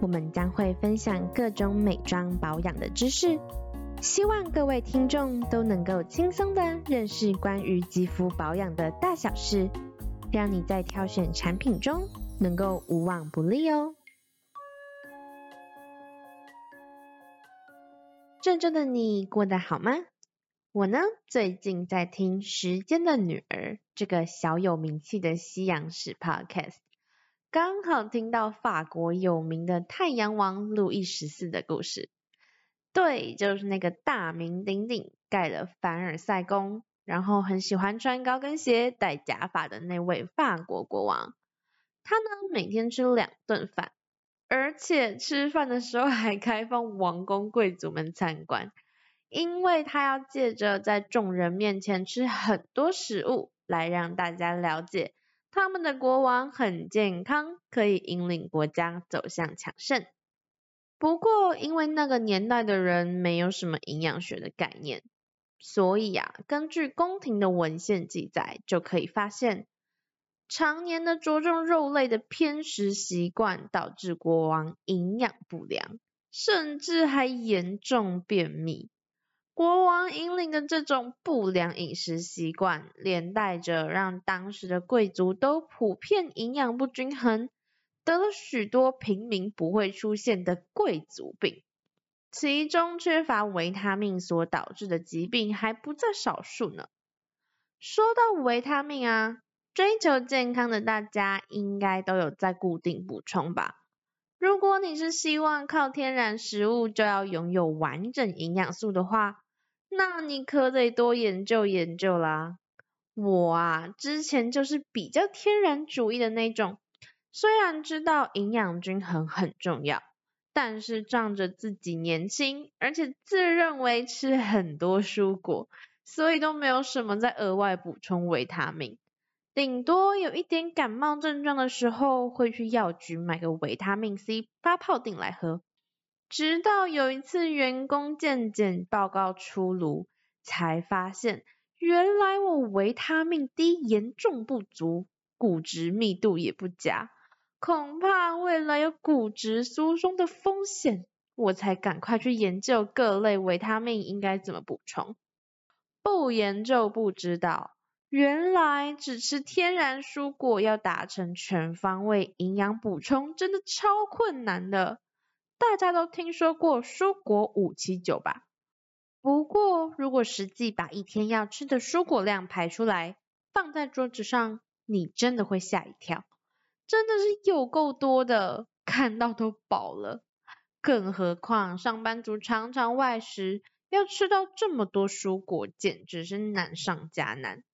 我們將會分享各種美妝保養的知識，希望各位聽眾都能夠輕鬆地認識關於肌膚保養的大小事，讓你在挑選產品中能夠無往不利哦。這周的你過得好嗎？我呢，最近在聽《時間的女兒》這個小有名氣的西洋史 podcast。剛好聽到法國有名的太陽王路易十四的故事，對，就是那個大名鼎鼎、蓋了凡爾賽宮、然後很喜歡穿高跟鞋、戴假髮的那位法國國王。他呢，每天吃兩頓飯，而且吃飯的時候還開放王公貴族們參觀，因為他要借着在眾人面前吃很多食物，來讓大家了解。他們的國王很健康，可以引領國家走向強盛。不過，因為那個年代的人沒有什麼營養學的概念，所以啊，根據宮廷的文獻記載，就可以發現，常年的着重肉類的偏食習慣，導致國王營養不良，甚至還嚴重便秘。國王引領的這種不良飲食習慣，連帶着讓當時的貴族都普遍營養不均衡，得了許多平民不會出現的貴族病，其中缺乏維他命所導致的疾病還不在少數呢。說到維他命啊，追求健康的大家應該都有在固定補充吧？如果你是希望靠天然食物就要擁有完整營養素的話，那你可得多研究研究啦。我啊，之前就是比較天然主義的那種，雖然知道營養均衡很重要，但是仗着自己年輕，而且自認為吃很多蔬果，所以都沒有什麼在額外補充維他命。頂多有一點感冒症狀的時候，會去藥局買個維他命 C 發泡錠來喝。直到有一次員工健檢報告出爐，才發現原來我維他命 D 嚴重不足，骨質密度也不佳，恐怕未來有骨質疏鬆的風險，我才趕快去研究各類維他命應該怎麼補充。不研究不知道，原來只吃天然蔬果要達成全方位營養補充，真的超困難的。大家都聽說過蔬果五七九吧？不過如果實際把一天要吃的蔬果量排出來，放在桌子上，你真的會嚇一跳。真的是有夠多的，看到都飽了。更何況上班族常常外食，要吃到這麼多蔬果，簡直是難上加難。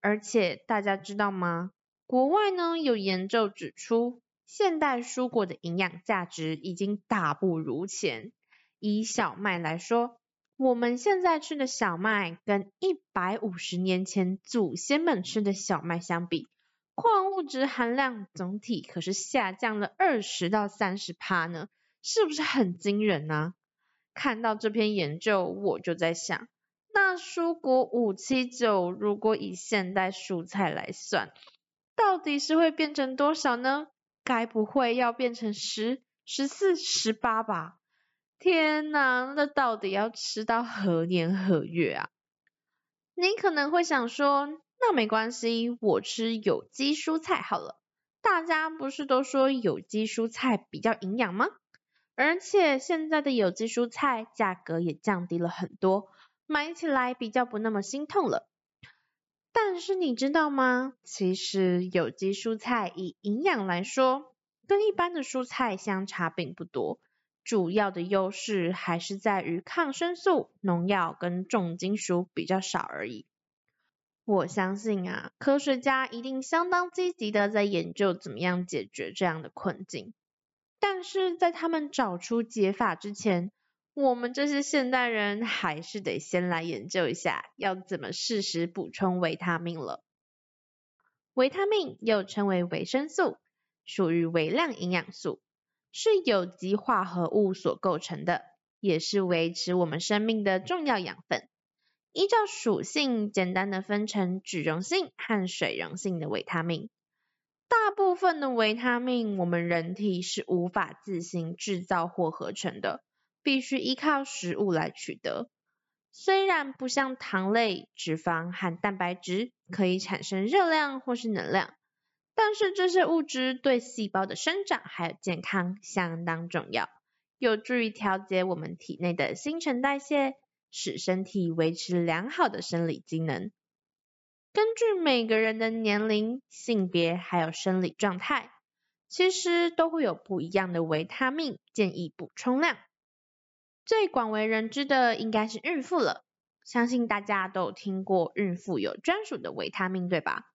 而且大家知道嗎？國外呢，有研究指出，現代蔬果的營養價值已經大不如前。以小麥來說，我們現在吃的小麥跟一百五十年前祖先們吃的小麥相比，礦物質含量總體可是下降了二十到三十趴呢，是不是很驚人呢、啊？看到這篇研究，我就在想，那蔬果五七九如果以現代蔬菜來算，到底是會變成多少呢？該不會要變成十、十四、十八吧？天吶，那到底要吃到何年何月啊？你可能會想說，那沒關係，我吃有機蔬菜好了。大家不是都說有機蔬菜比較營養嗎？而且現在的有機蔬菜價格也降低了很多，買起來比較不那麼心痛了。但是你知道嗎？其實有機蔬菜以營養來說，跟一般的蔬菜相差並不多，主要的優勢還是在於抗生素、農藥跟重金屬比較少而已。我相信啊，科學家一定相當積極的在研究怎麼樣解決這樣的困境。但是在他們找出解法之前，我們這些現代人還是得先來研究一下，要怎麼適時補充維他命了。維他命又稱為維生素，屬於微量營養素，是有機化合物所構成的，也是維持我們生命的重要養分。依照屬性，簡單的分成脂溶性和水溶性的維他命。大部分的維他命，我們人體是無法自行製造或合成的。必須依靠食物來取得。雖然不像糖類、脂肪和蛋白質可以產生熱量或是能量，但是這些物質對細胞的生長還有健康相當重要，有助於調節我們體內的新陳代謝，使身體維持良好的生理機能。根據每個人的年齡、性別還有生理狀態，其實都會有不一樣的維他命建議補充量。最廣為人知的應該是孕婦了，相信大家都聽過孕婦有專屬的維他命，對吧？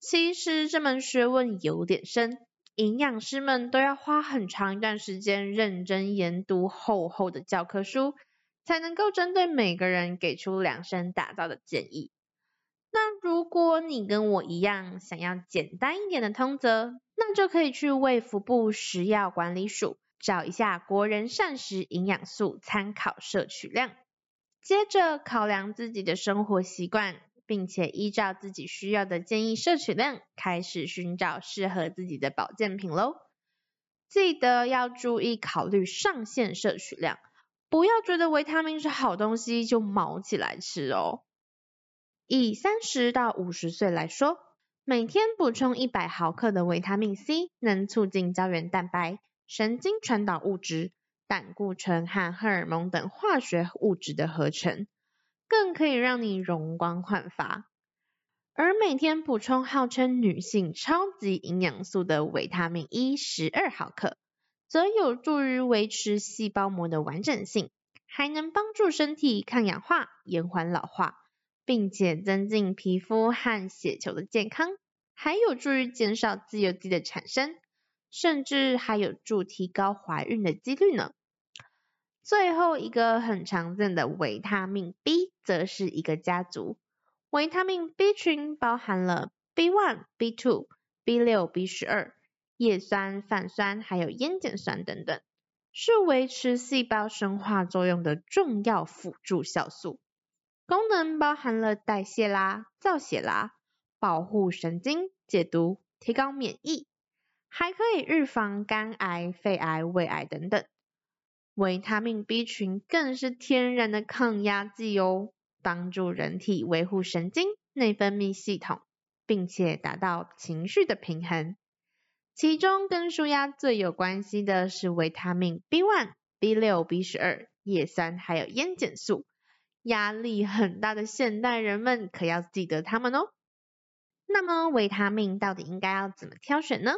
其實這門學問有點深，營養師們都要花很長一段時間認真研讀厚厚的教科書，才能夠針對每個人給出量身打造的建議。那如果你跟我一樣想要簡單一點的通則，那就可以去衛福部食藥管理署。找一下國人膳食營養素參考攝取量，接着考量自己的生活習慣，並且依照自己需要的建議攝取量，開始尋找適合自己的保健品嘍。記得要注意考慮上限攝取量，不要覺得維他命是好東西就卯起來吃哦。以三十到五十歲來說，每天補充一百毫克的維他命 C，能促進膠原蛋白。神經傳導物質、膽固醇和荷爾蒙等化學物質的合成，更可以讓你容光煥發。而每天補充號稱女性超級營養素的維他命 E 十二毫克，則有助於維持細胞膜的完整性，還能幫助身體抗氧化、延緩老化，並且增進皮膚和血球的健康，還有助於減少自由基的產生。甚至還有助提高懷孕的幾率呢。最後一個很常見的維他命 B，則是一個家族。維他命 B 群包含了 B1、B2、B6、B12、葉酸、泛酸還有菸鹼酸等等,是維持細胞生化作用的重要輔助酵素。功能包含了代謝啦、造血啦、保護神經、解毒、提高免疫。還可以預防肝癌、肺癌、胃癌等等。維他命 B 群更是天然的抗壓劑哦，幫助人體維護神經內分泌系統，並且達到情緒的平衡。其中跟舒壓最有關係的是維他命 B1、B6、B12、葉酸還有菸鹼素。壓力很大的現代人們可要記得它們哦。那麼維他命到底應該要怎麼挑選呢？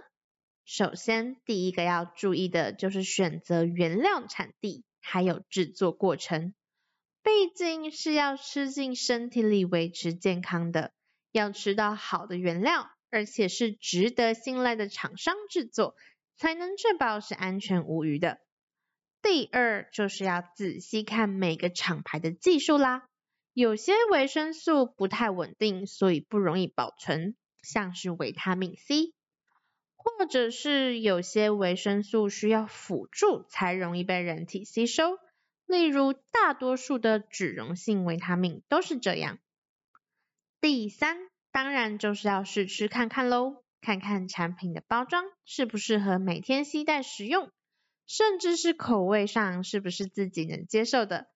首先，第一個要注意的就是選擇原料產地，還有製作過程，畢竟是要吃進身體裡維持健康的，要吃到好的原料，而且是值得信賴的廠商製作，才能確保是安全無虞的。第二，就是要仔細看每個廠牌的技術啦，有些維生素不太穩定，所以不容易保存，像是維他命 C。或者是有些維生素需要輔助才容易被人體吸收，例如大多數的脂溶性維他命都是這樣。第三，當然就是要試吃看看咯，看看產品的包裝適不適合每天攜帶食用，甚至是口味上是不是自己能接受的，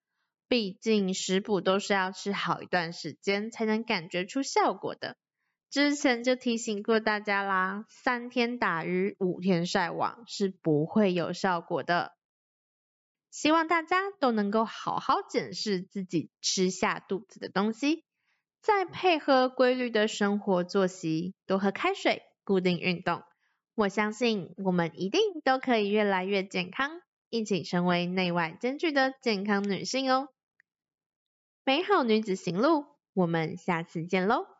畢竟食補都是要吃好一段時間才能感覺出效果的。之前就提醒過大家啦，三天打魚，五天曬網是不會有效果的。希望大家都能夠好好檢視自己吃下肚子的東西，再配合規律的生活作息，多喝開水，固定運動。我相信我們一定都可以越來越健康，一起成為內外兼具的健康女性哦。美好女子行路，我們下次見嘍。